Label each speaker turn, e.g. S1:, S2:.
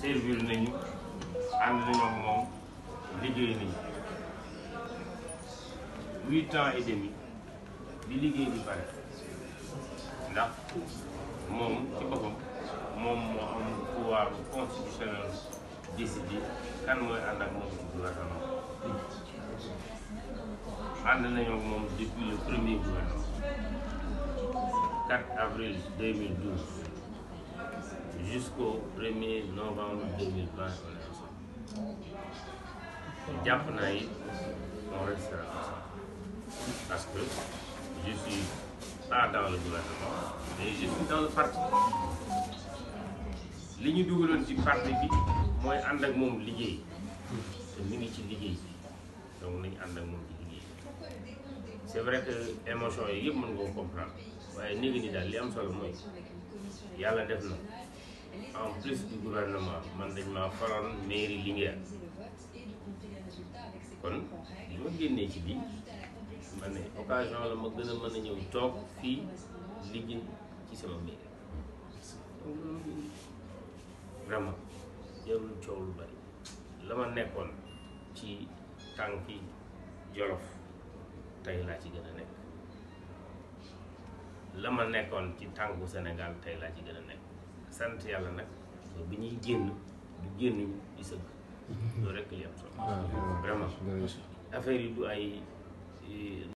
S1: servir nañu ànd nañu ak moom liggéey nañu huit ans et demi di liggéey bi pare ndax moom ci boppam moom moo am pouvoir constitutionnel décider kan mooy ànd ak moom ci ànd nañu moom depuis le premier gouvernement 4 avril jusqu'au 1er novembre 2020, on est jàpp naa it on parce que je suis pas dans le gouvernement mais je suis dans le parti li ñu dugaloon ci parti bi mooy ànd ak moom liggéey te mi ngi ci liggéey bi donc nañu ànd ak moom liggéey c'est vrai émotion yi yëpp mën nga ko comprendre waaye néegi ni daal li am solo mooy yàlla def na en plus du gouvernement man dañ maa faroon mairie Linguère kon li ma génnee ci bii ma ne occasion la ma gën a mën a ñëw toog fii liggéey ci sama mairie vraiment jarul coow lu bari la ma nekkoon ci tànki Jolof tey laa ci gën a nekk la ma nekkoon ci tàngu Sénégal tey laa ci gën a nekk sant yàlla nag bi ñuy génn du génn di sëgg mm-hmm. loolu rek li am solo ah, vraiment yi du ay